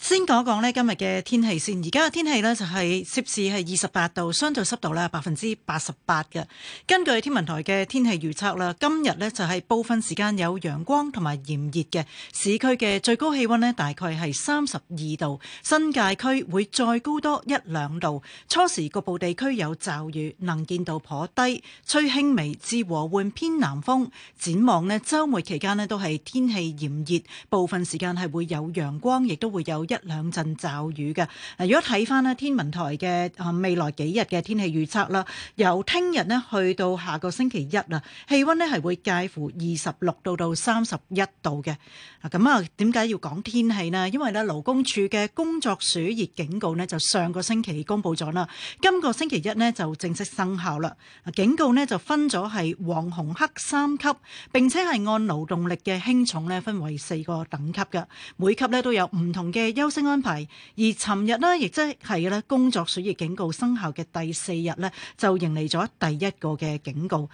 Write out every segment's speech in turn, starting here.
先講講今日嘅天氣先。而家嘅天氣呢，就係攝氏係二十八度，相對濕度呢百分之八十八嘅。根據天文台嘅天氣預測啦，今日呢就係部分時間有陽光同埋炎熱嘅，市區嘅最高氣溫呢，大概係三十二度，新界區會再高多一兩度。初時局部地區有驟雨，能見度頗低，吹輕微至和緩偏南風。展望呢週末期間呢，都係天氣炎熱，部分時間係會有陽光，亦都會有。有一兩陣驟雨嘅。如果睇翻，咧天文台嘅，啊未來幾日嘅天氣預測啦，由聽日咧去到下個星期一啦，氣溫咧係會介乎二十六度到三十一度嘅。啊，咁啊，點解要講天氣呢？因為咧勞工處嘅工作暑熱警告咧就上個星期公布咗啦，今個星期一咧就正式生效啦。啊，警告咧就分咗係黃、紅、黑三級，並且係按勞動力嘅輕重咧分為四個等級嘅，每級咧都有唔同。嘅休息安排，而尋日咧亦即係咧工作暑熱警告生效嘅第四日咧，就迎嚟咗第一個嘅警告。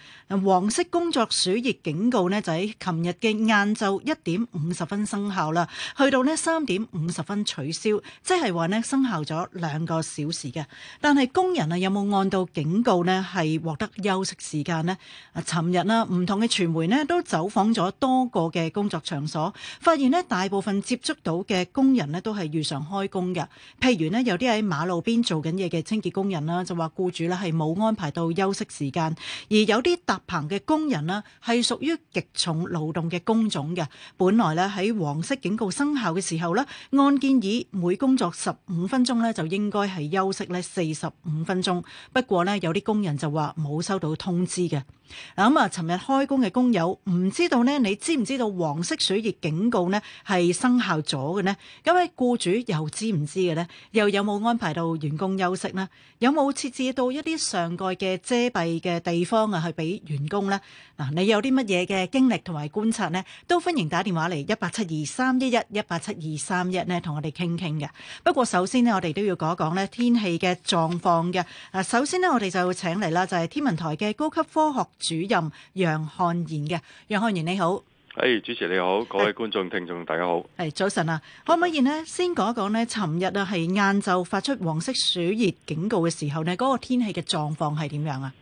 黃色工作暑熱警告咧就喺尋日嘅晏晝一點五十分生效啦，去到咧三點五十分取消，即係話咧生效咗兩個小時嘅。但係工人啊有冇按到警告咧係獲得休息時間咧？啊，尋日啊唔同嘅傳媒咧都走訪咗多個嘅工作場所，發現咧大部分接觸到嘅工人。咧都係如常開工嘅，譬如呢，有啲喺馬路邊做緊嘢嘅清潔工人啦，就話僱主呢係冇安排到休息時間，而有啲搭棚嘅工人呢，係屬於極重勞動嘅工種嘅，本來咧喺黃色警告生效嘅時候呢，按建議每工作十五分鐘呢，就應該係休息呢四十五分鐘，不過呢，有啲工人就話冇收到通知嘅。咁、嗯、啊，尋日開工嘅工友唔知道呢，你知唔知道黃色暑熱警告呢係生效咗嘅呢？各位雇主又知唔知嘅呢？又有冇安排到員工休息呢？有冇設置到一啲上蓋嘅遮蔽嘅地方啊，去俾員工呢？嗱，你有啲乜嘢嘅經歷同埋觀察呢？都歡迎打電話嚟一八七二三一一一八七二三一呢同我哋傾傾嘅。不過首先呢，我哋都要講一講呢天氣嘅狀況嘅。嗱，首先呢，我哋就請嚟啦，就係、是、天文台嘅高級科學主任楊漢賢嘅，楊漢賢你好，誒、hey, 主持你好，各位觀眾、hey. 聽眾大家好，誒、hey, 早晨啊，可唔可以呢？先講一講呢琴日啊係晏晝發出黃色暑熱警告嘅時候呢，嗰、那個天氣嘅狀況係點樣啊？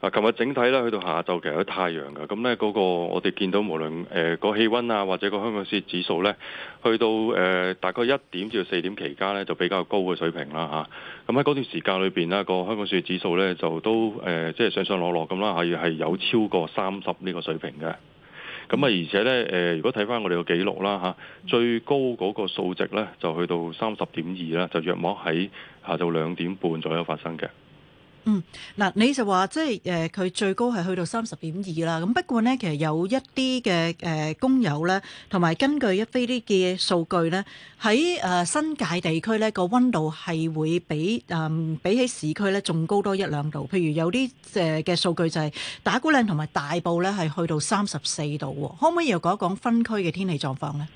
啊，琴日整體咧去到下晝其實有太陽㗎。咁咧嗰個我哋見到無論個、呃、氣温啊或者個香港暑熱指數咧，去到、呃、大概一點至到四點期間咧就比較高嘅水平啦嚇。咁喺嗰段時間裏面呢，個香港暑熱指數咧就都即係、呃就是、上上落落咁啦，係係有超過三十呢個水平嘅。咁啊而且咧、呃、如果睇翻我哋嘅記錄啦、啊、最高嗰個數值咧就去到三十點二啦，就約莫喺下晝兩點半左右發生嘅。嗯，嗱，你就話即係誒，佢最高係去到三十點二啦。咁不過咧，其實有一啲嘅誒工友咧，同埋根據一啲啲嘅數據咧，喺誒新界地區咧個溫度係會比誒、嗯、比起市區咧仲高多一兩度。譬如有啲誒嘅數據就係打鼓嶺同埋大埔咧係去到三十四度。可唔可以又講一講分區嘅天氣狀況咧？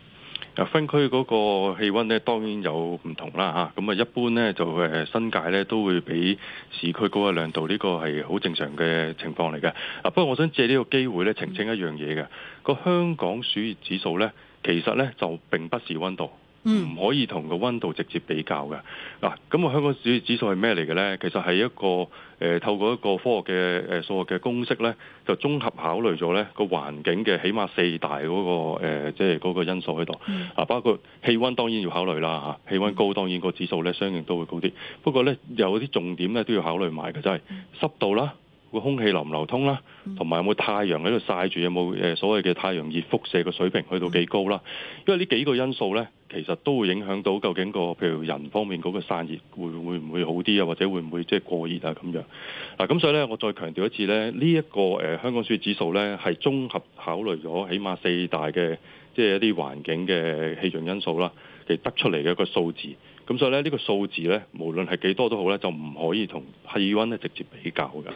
分區嗰個氣温呢，當然有唔同啦吓。咁啊，一般呢，就誒新界呢都會比市區高一兩度，呢個係好正常嘅情況嚟嘅。啊，不過我想借呢個機會呢澄清一樣嘢嘅，個香港暑熱指數呢，其實呢就並不是温度。唔、mm. 可以同個温度直接比較嘅嗱，咁啊香港暑熱指數係咩嚟嘅咧？其實係一個、呃、透過一個科學嘅誒、呃、數學嘅公式咧，就綜合考慮咗咧個環境嘅起碼四大嗰、嗰個即係嗰個因素喺度、mm. 啊，包括氣温當然要考慮啦嚇、啊，氣温高當然個指數咧相應都會高啲。不過咧有啲重點咧都要考慮埋嘅，就係、是、濕度啦，個空氣流唔流通啦，同、mm. 埋有冇太陽喺度曬住，有冇所謂嘅太陽熱輻射嘅水平去到幾高啦？Mm. 因為呢幾個因素咧。其實都會影響到究竟個譬如人方面嗰個散熱會會唔會好啲啊，或者會唔會即係過熱啊咁樣嗱，咁、啊、所以咧，我再強調一次咧，呢一、呢個誒、呃、香港暑熱指數咧係綜合考慮咗起碼四大嘅即係一啲環境嘅氣象因素啦，其實得出嚟嘅一個數字，咁所以咧呢、呢個數字咧，無論係幾多都好咧，就唔可以同氣温咧直接比較㗎。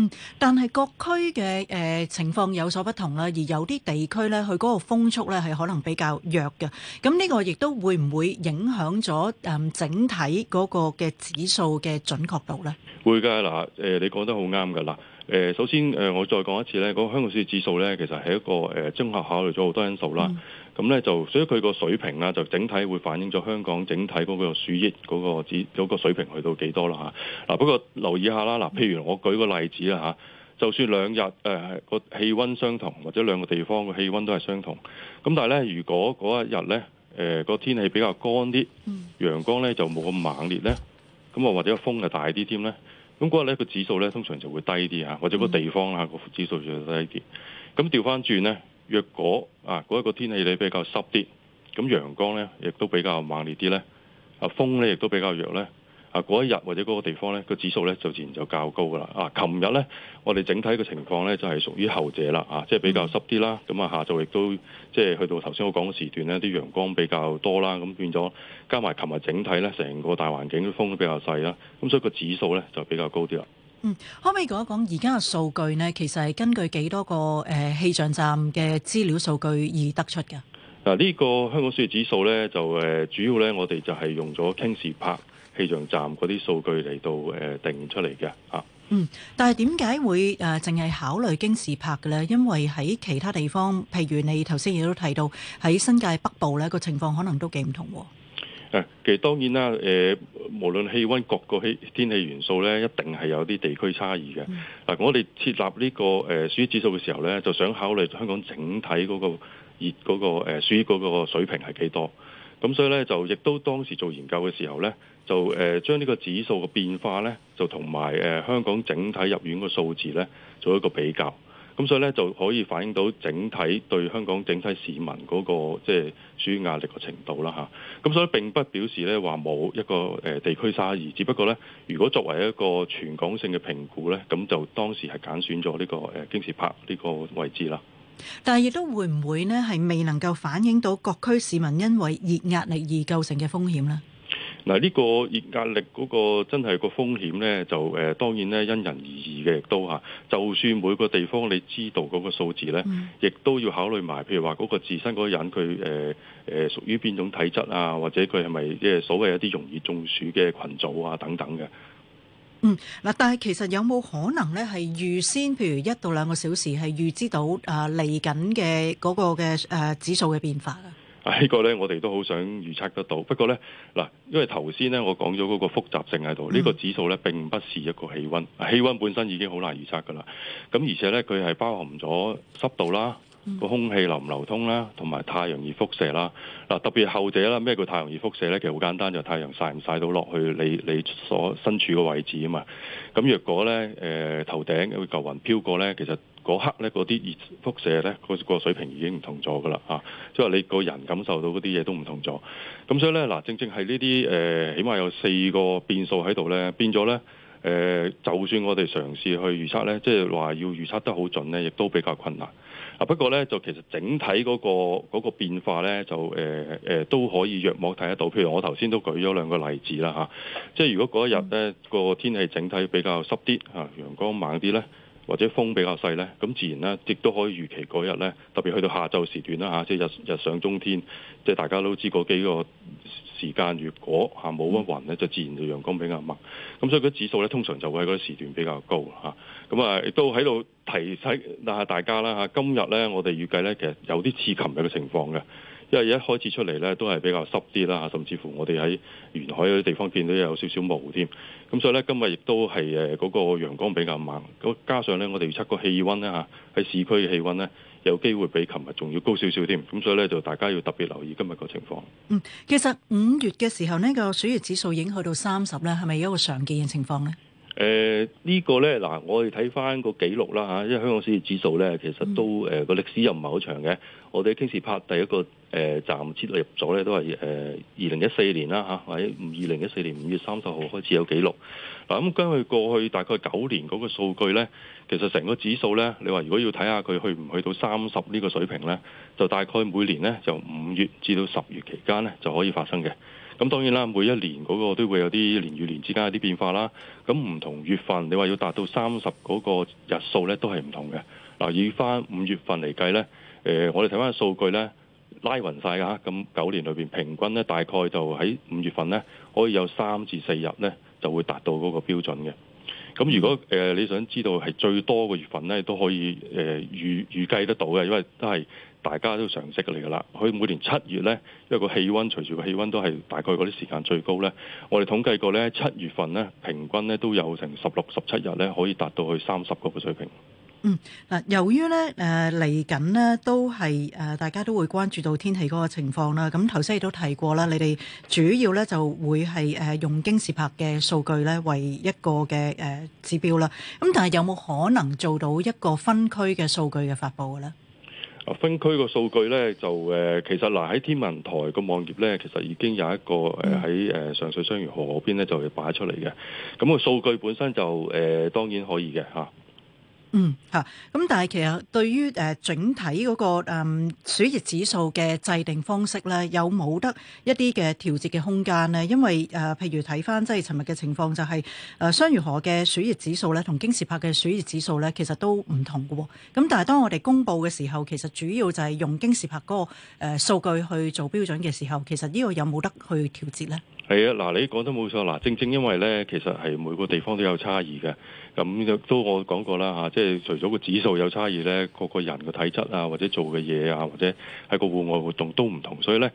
嗯，但係各區嘅誒情況有所不同啦，而有啲地區咧，佢嗰個風速咧係可能比較弱嘅，咁呢個亦都會唔會影響咗誒整體嗰個嘅指數嘅準確度咧？會㗎嗱，誒你講得好啱㗎嗱，誒首先誒我再講一次咧，嗰個香港暑熱指數咧，其實係一個誒綜合考慮咗好多因素啦。咁咧就所以佢個水平咧、啊、就整體會反映咗香港整體嗰個暑熱嗰個指嗰個水平去到幾多啦嚇嗱不過留意下啦嗱、啊，譬如我舉個例子啦、啊、嚇，就算兩日誒個氣温相同或者兩個地方個氣温都係相同，咁但係咧如果嗰一日咧誒個天氣比較乾啲，陽光咧就冇咁猛烈咧，咁啊或者個風又大啲添咧，咁嗰日咧個指數咧通常就會低啲嚇，或者個地方啊個指數就會低啲，咁調翻轉咧。若果啊嗰一個天氣你比較濕啲，咁陽光呢亦都比較猛烈啲呢，啊，風呢亦都比較弱呢，啊嗰一日或者嗰個地方呢個指數呢就自然就較高噶啦。啊，琴日呢我哋整體嘅情況呢就係屬於後者啦，啊即係比較濕啲啦，咁啊下晝亦都即係去到頭先我講嘅時段呢啲陽光比較多啦，咁變咗加埋琴日整體呢成個大環境都風都比較細啦，咁所以個指數呢就比較高啲啦。嗯，可唔可以講一講而家嘅數據呢？其實係根據幾多個誒氣、呃、象站嘅資料數據而得出嘅。嗱、啊、呢、這個香港暑熱指數咧就誒、呃、主要咧我哋就係用咗京士柏氣象站嗰啲數據嚟到誒、呃、定出嚟嘅。啊，嗯，但係點解會誒淨係考慮京士柏嘅咧？因為喺其他地方，譬如你頭先亦都提到喺新界北部咧個情況可能都幾唔同喎。誒，其實當然啦，誒，無論氣温各個氣天氣元素咧，一定係有啲地區差異嘅。嗱、嗯，我哋設立呢個誒暑熱指數嘅時候咧，就想考慮香港整體嗰、嗰個熱、嗰個誒暑熱嗰個水平係幾多。咁所以咧，就亦都當時做研究嘅時候咧，就誒將呢個指數嘅變化咧，就同埋誒香港整體入院嘅數字咧，做一個比較。咁所以咧，就可以反映到整體對香港整體市民嗰個即係處於壓力嘅程度啦吓。咁所以並不表示咧，話冇一個誒地區差異，只不過咧，如果作為一個全港性嘅評估咧，咁就當時係揀選咗呢個誒京士柏呢個位置啦。但係亦都會唔會呢，係未能夠反映到各區市民因為熱壓力而構成嘅風險呢？嗱、這、呢個熱壓力嗰個真係個風險呢，就誒、呃、當然咧因人而異嘅，亦都嚇。就算每個地方你知道嗰個數字呢，亦、嗯、都要考慮埋，譬如話嗰個自身嗰個人佢誒誒屬於邊種體質啊，或者佢係咪即係所謂一啲容易中暑嘅群組啊等等嘅。嗯，嗱，但係其實有冇可能呢？係預先譬如一到兩個小時係預知到啊嚟緊嘅嗰個嘅誒、呃、指數嘅變化啦？呢個呢，我哋都好想預測得到。不過呢，嗱，因為頭先呢，我講咗嗰個複雜性喺度。呢個指數呢，並不是一個氣温，氣温本身已經好難預測噶啦。咁而且呢，佢係包含咗濕度啦。個、嗯、空氣流唔流通啦，同埋太陽熱輻射啦。嗱，特別後者啦，咩叫太陽熱輻射咧？其實好簡單，就是、太陽曬唔晒到落去你你所身處嘅位置啊嘛。咁若果咧，誒、呃、頭頂有嚿雲飄過咧，其實嗰刻咧嗰啲熱輻射咧，個、那個水平已經唔同咗噶啦啊。即、就、係、是、你個人感受到嗰啲嘢都唔同咗。咁所以咧，嗱，正正係呢啲誒，起碼有四個變數喺度咧，變咗咧，誒、呃，就算我哋嘗試去預測咧，即係話要預測得好準咧，亦都比較困難。啊不過咧，就其實整體嗰、那個嗰、那個、變化咧，就誒、呃呃、都可以約莫睇得到。譬如我頭先都舉咗兩個例子啦嚇、啊，即係如果嗰一日咧、那個天氣整體比較濕啲嚇、啊，陽光猛啲咧，或者風比較細咧，咁自然咧亦都可以預期嗰日咧，特別去到下晝時段啦、啊、即係日日上中天，即係大家都知嗰幾個時間如果冇乜雲咧，就自然就陽光比較猛，咁所以嗰指數咧通常就會喺嗰啲時段比較高、啊。咁、嗯、啊，亦都喺度提醒下大家啦吓，今日咧我哋預計咧其實有啲似琴日嘅情況嘅，因為一開始出嚟咧都係比較濕啲啦吓，甚至乎我哋喺沿海嗰啲地方見到有少少霧添。咁所以咧今日亦都係嗰個陽光比較猛，嗰加上咧我哋預測個氣温咧喺市區嘅氣温咧有機會比琴日仲要高少少添。咁所以咧就大家要特別留意今日個情況。嗯，其實五月嘅時候呢、嗰個暑熱指數影響到三十咧，係咪一個常見嘅情況咧？誒、呃、呢、這個呢，嗱，我哋睇翻個記錄啦嚇、啊，因為香港暑熱指數呢，其實都誒個、呃、歷史又唔係好長嘅。我哋喺 King's Park 第一個誒、呃、站設入咗呢，都係誒二零一四年啦嚇，喺二零一四年五月三十號開始有記錄。嗱、啊、咁根據過去大概九年嗰個數據咧，其實成個指數呢，你話如果要睇下佢去唔去到三十呢個水平呢，就大概每年呢，就五月至到十月期間呢，就可以發生嘅。咁當然啦，每一年嗰個都會有啲年與年之間有啲變化啦。咁唔同月份，你話要達到三十嗰個日數呢，都係唔同嘅。嗱，以翻五月份嚟計呢，呃、我哋睇翻個數據呢，拉勻曬㗎。咁九年裏面平均呢，大概就喺五月份呢，可以有三至四日呢就會達到嗰個標準嘅。咁如果、呃、你想知道係最多嘅月份呢，都可以、呃、預、預計得到嘅，因為都係。大家都常識嘅嚟噶啦，佢每年七月呢，因為個氣温隨住個氣温都係大概嗰啲時間最高呢。我哋統計過呢，七月份呢，平均呢都有成十六、十七日呢可以達到去三十個嘅水平。嗯，嗱，由於呢誒嚟緊呢都係誒大家都會關注到天氣嗰個情況啦。咁頭先亦都提過啦，你哋主要呢就會係誒用京士柏嘅數據呢為一個嘅誒指標啦。咁但係有冇可能做到一個分區嘅數據嘅發布呢？分區個數據咧就誒其實嗱喺天文台個網頁咧，其實已經有一個誒喺誒上水雙元河嗰邊咧就擺出嚟嘅。咁、嗰個數據本身就誒、呃，當然可以嘅吓。嗯吓，咁、嗯、但係其實對於誒整體嗰、那個誒暑熱指數嘅制定方式咧，有冇得一啲嘅調節嘅空間咧？因為誒、呃、譬如睇翻即係尋日嘅情況就係誒雙魚河嘅暑熱指數咧，同京士柏嘅暑熱指數咧，其實都唔同嘅，哦。咁但係當我哋公布嘅時候，其實主要就係用京士柏嗰個誒數據去做標準嘅時候，其實呢個有冇得去調節咧？係啊，嗱，你講得冇錯，嗱，正正因為咧，其實係每個地方都有差異嘅，咁都我講過啦嚇，即係除咗個指數有差異咧，個個人嘅體質啊，或者做嘅嘢啊，或者喺個戶外活動都唔同，所以咧。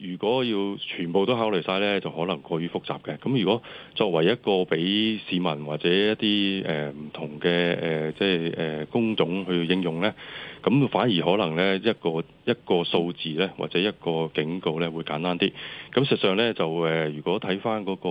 如果要全部都考慮曬呢，就可能過於複雜嘅。咁如果作為一個俾市民或者一啲唔同嘅誒，即係工種去應用呢，咁反而可能呢，一個一個數字呢，或者一個警告呢，會簡單啲。咁實際上呢，就如果睇翻嗰個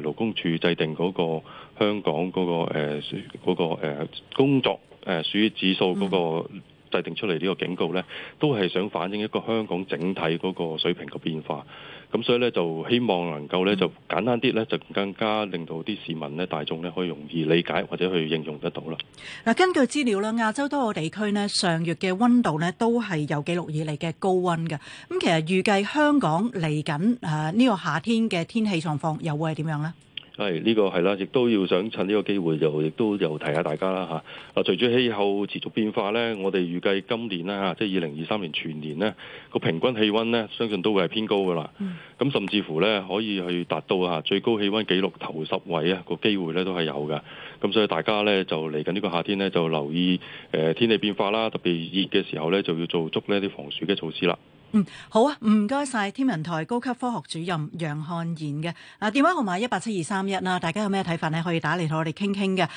勞工處制定嗰個香港嗰個誒嗰個誒工作誒屬於指數嗰個。嗯制定出嚟呢個警告咧，都係想反映一個香港整體嗰個水平嘅變化。咁所以咧，就希望能夠咧，就簡單啲咧，就更加令到啲市民咧、大眾咧，可以容易理解或者去應用得到啦。嗱，根據資料啦，亞洲多個地區咧，上月嘅溫度咧都係有記錄以嚟嘅高溫嘅。咁其實預計香港嚟緊誒呢個夏天嘅天氣狀況又會係點樣咧？係、這、呢個係啦，亦都要想趁呢個機會就，就亦都又提下大家啦嚇。啊，隨住氣候持續變化呢，我哋預計今年啦，即係二零二三年全年呢，個、啊、平均氣温呢，相信都會係偏高噶啦。咁、嗯、甚至乎呢，可以去達到嚇最高氣温紀錄頭十位啊個機會呢都係有嘅。咁所以大家呢，就嚟緊呢個夏天呢，就留意誒、呃、天氣變化啦，特別熱嘅時候呢，就要做足呢啲防暑嘅措施啦。嗯，好啊，唔該晒天文台高級科學主任楊漢賢嘅，啊，電話號碼一八七二三一啦，大家有咩睇法咧可以打嚟同我哋傾傾嘅。